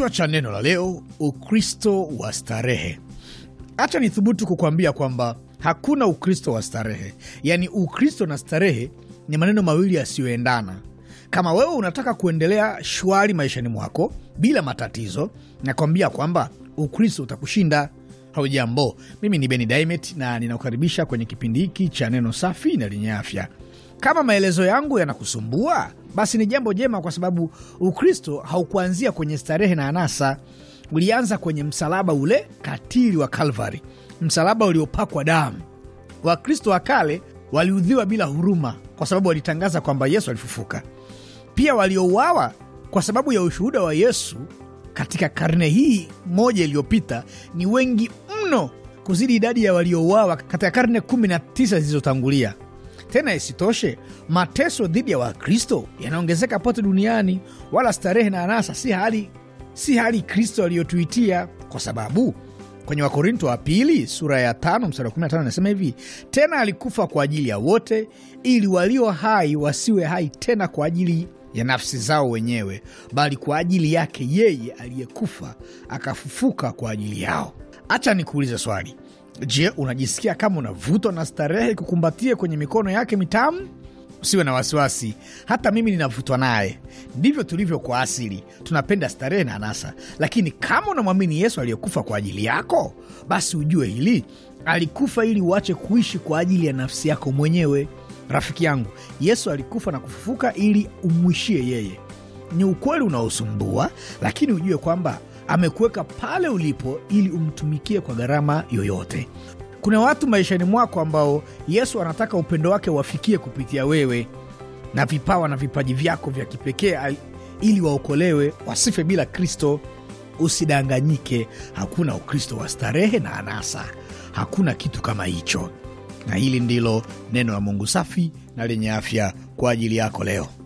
Kichwa cha neno la leo, Ukristo wa starehe. Hacha nithubutu kukuambia kwamba hakuna Ukristo wa starehe. Yaani, Ukristo na starehe ni maneno mawili yasiyoendana. Kama wewe unataka kuendelea shwari maishani mwako bila matatizo, nakwambia kwamba Ukristo utakushinda. Haujambo, mimi ni Beni Dimet na ninakukaribisha kwenye kipindi hiki cha neno safi na lenye afya. Kama maelezo yangu yanakusumbua basi ni jambo jema, kwa sababu Ukristo haukuanzia kwenye starehe na anasa, ulianza kwenye msalaba ule katili wa Kalvari, msalaba uliopakwa damu. Wakristo wa kale waliudhiwa bila huruma, kwa sababu walitangaza kwamba Yesu alifufuka. Pia waliouawa kwa sababu ya ushuhuda wa Yesu katika karne hii moja iliyopita ni wengi mno kuzidi idadi ya waliouawa katika karne 19 zilizotangulia. Tena isitoshe, mateso dhidi ya Wakristo yanaongezeka pote duniani, wala starehe na anasa si hali, si hali Kristo aliyotuitia, kwa sababu kwenye Wakorinto wa pili sura ya 5 mstari wa 15 anasema hivi: tena alikufa kwa ajili ya wote, ili walio hai wasiwe hai tena kwa ajili ya nafsi zao wenyewe, bali kwa ajili yake yeye aliyekufa akafufuka kwa ajili yao. Acha nikuulize swali. Je, unajisikia kama unavutwa na starehe kukumbatia kwenye mikono yake mitamu? Usiwe na wasiwasi, hata mimi ninavutwa naye. Ndivyo tulivyo kwa asili, tunapenda starehe na anasa. Lakini kama unamwamini Yesu aliyekufa kwa ajili yako, basi ujue hili, alikufa ili uache kuishi kwa ajili ya nafsi yako mwenyewe. Rafiki yangu, Yesu alikufa na kufufuka ili umwishie yeye. Ni ukweli unaosumbua, lakini ujue kwamba amekuweka pale ulipo ili umtumikie kwa gharama yoyote. Kuna watu maishani mwako ambao Yesu anataka upendo wake wafikie kupitia wewe na vipawa na vipaji vyako vya kipekee ili waokolewe, wasife bila Kristo. Usidanganyike, hakuna Ukristo wa starehe na anasa, hakuna kitu kama hicho. Na hili ndilo neno la Mungu safi na lenye afya kwa ajili yako leo.